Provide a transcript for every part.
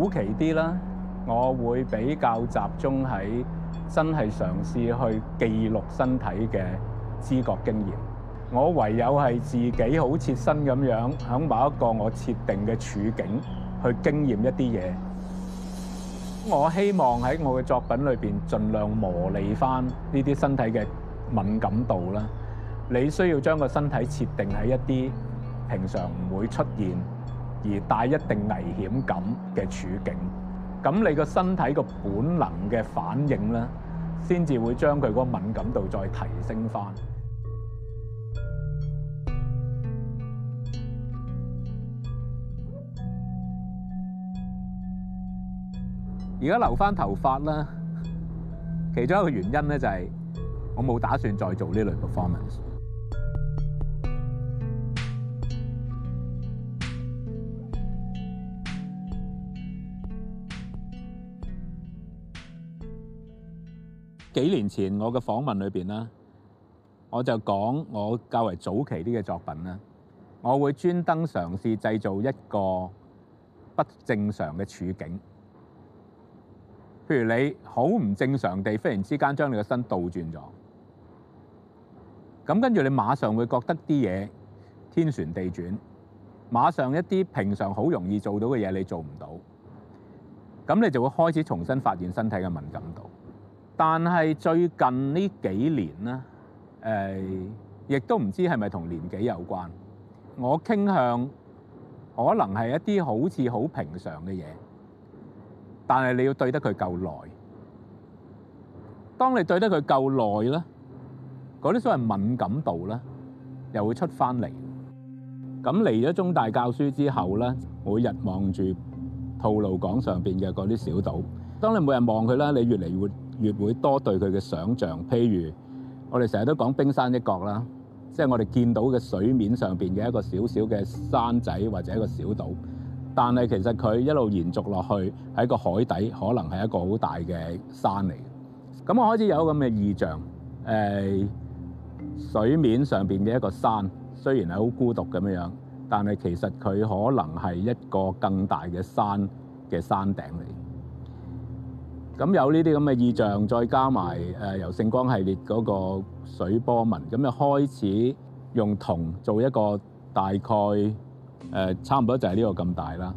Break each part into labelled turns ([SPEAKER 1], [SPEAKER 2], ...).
[SPEAKER 1] 好奇啲啦，我會比較集中喺真係嘗試去記錄身體嘅知覺經驗。我唯有係自己好切身咁樣喺某一個我設定嘅處境去經驗一啲嘢。我希望喺我嘅作品裏邊盡量磨利翻呢啲身體嘅敏感度啦。你需要將個身體設定喺一啲平常唔會出現而帶一定危險感嘅處境，咁你個身體個本能嘅反應咧，先至會將佢嗰個敏感度再提升翻。而家留翻頭髮咧，其中一個原因咧就係我冇打算再做呢類 performance。幾年前我嘅訪問裏面啦，我就講我較為早期啲嘅作品啦，我會專登嘗試製造一個不正常嘅處境，譬如你好唔正常地，忽然之間將你嘅身倒轉咗，咁跟住你馬上會覺得啲嘢天旋地轉，馬上一啲平常好容易做到嘅嘢你做唔到，咁你就會開始重新發現身體嘅敏感度。但係最近呢幾年咧，誒，亦都唔知係咪同年紀有關。我傾向可能係一啲好似好平常嘅嘢，但係你要對得佢夠耐。當你對得佢夠耐咧，嗰啲所謂敏感度咧，又會出翻嚟。咁嚟咗中大教書之後咧，每日望住吐露港上邊嘅嗰啲小島，當你每日望佢咧，你越嚟越越會多對佢嘅想像，譬如我哋成日都講冰山一角啦，即係我哋見到嘅水面上邊嘅一個小小嘅山仔或者一個小島，但係其實佢一路延續落去喺個海底，可能係一個好大嘅山嚟。咁我開始有咁嘅意象，誒、哎、水面上邊嘅一個山，雖然係好孤獨咁樣，但係其實佢可能係一個更大嘅山嘅山頂嚟。咁有呢啲咁嘅意象，再加埋誒、呃、由聖光系列嗰個水波紋，咁就開始用銅做一個大概誒、呃、差唔多就係呢個咁大啦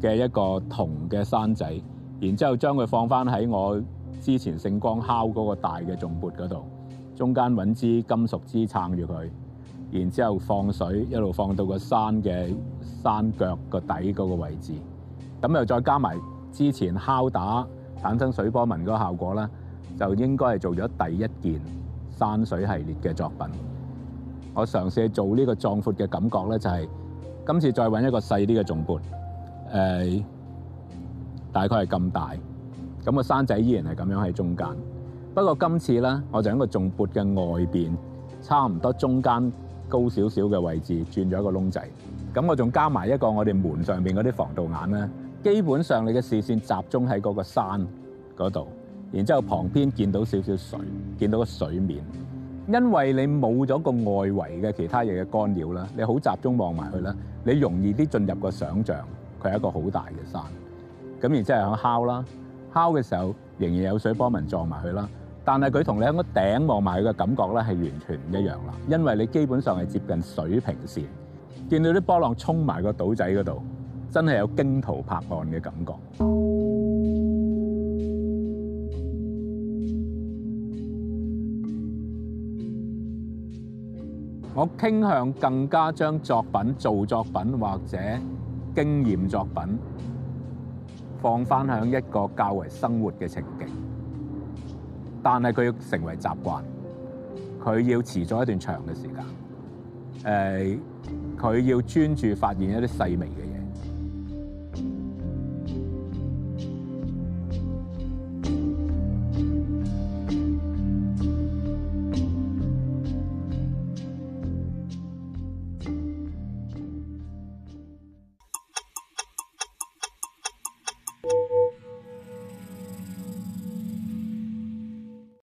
[SPEAKER 1] 嘅一個銅嘅山仔，然之後將佢放翻喺我之前聖光敲嗰個大嘅重缽嗰度，中間揾支金屬枝撐住佢，然之後放水一路放到個山嘅山腳個底嗰個位置，咁又再加埋之前敲打。產生水波紋嗰個效果咧，就應該係做咗第一件山水系列嘅作品。我嘗試做呢個壯闊嘅感覺咧、就是，就係今次再揾一個細啲嘅頌缽，誒、欸、大概係咁大。咁、那個山仔依然係咁樣喺中間，不過今次咧，我就喺個頌缽嘅外邊，差唔多中間高少少嘅位置鑽咗一個窿仔。咁我仲加埋一個我哋門上邊嗰啲防盜眼咧。基本上你嘅視線集中喺嗰個山嗰度，然之後旁邊見到少少水，見到個水面，因為你冇咗個外圍嘅其他嘢嘅干擾啦，你好集中望埋去啦，你容易啲進入個想像，佢係一個好大嘅山。咁然之後喺敲啦，敲嘅時候仍然有水波紋撞埋去啦，但係佢同你喺個頂望埋去嘅感覺咧係完全唔一樣啦，因為你基本上係接近水平線，見到啲波浪沖埋個島仔嗰度。真係有驚濤拍岸嘅感覺。我傾向更加將作品做作品或者經驗作品放翻響一個較為生活嘅情境，但係佢要成為習慣，佢要持續一段長嘅時間，誒、呃，佢要專注發現一啲細微嘅。